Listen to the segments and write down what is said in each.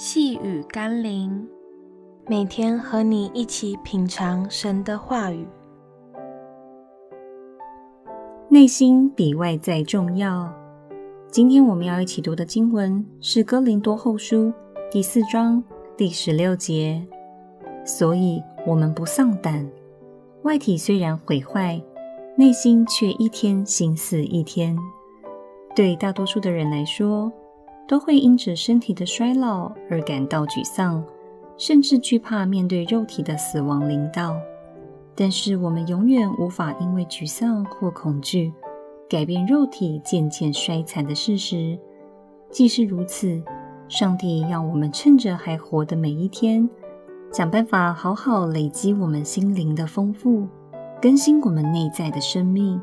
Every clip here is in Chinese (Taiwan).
細語甘霖，每天和你一起品嘗神的話語。內心比外在重要。今天我們要一起讀的經文是《哥林多後書》第四章第十六節。所以，我們不喪膽。外體雖然毀壞，內心卻一天新似一天。對大多數的人來說，都會因着身體的衰老而感到沮喪，甚至懼怕面對肉體的死亡臨到。但是我們永遠無法因為沮喪或恐懼，改變肉體漸漸衰殘的事實。既是如此，上帝要我們趁着還活的每一天，想辦法好好累積我們心靈的豐富，更新我們內在的生命，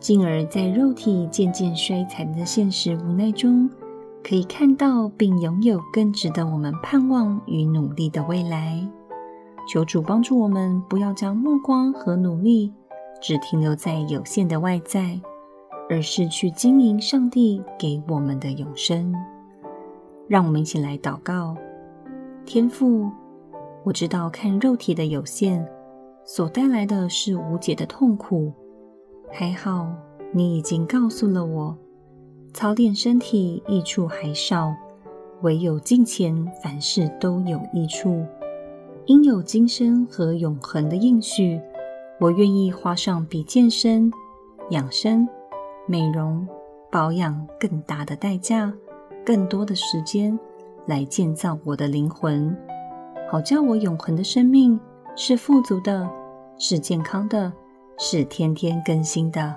進而在肉體漸漸衰殘的現實無奈中，可以看到並擁有更值得我們盼望與努力的未來。求主幫助我們，不要將目光和努力只停留在有限的外在，而是去經營上帝給我們的永生。讓我們一起來禱告。天父，我知道看肉體的有限，所帶來的是無解的痛苦。還好，祢已經告訴了我。操練身體益處還少，唯有敬虔凡事都有益處。因有今生和永恆的應許，我願意花上比健身、養生、美容、保養更大的代價、更多的時間，來建造我的靈魂，好叫我永恆的生命是富足的，是健康的，是天天更新的。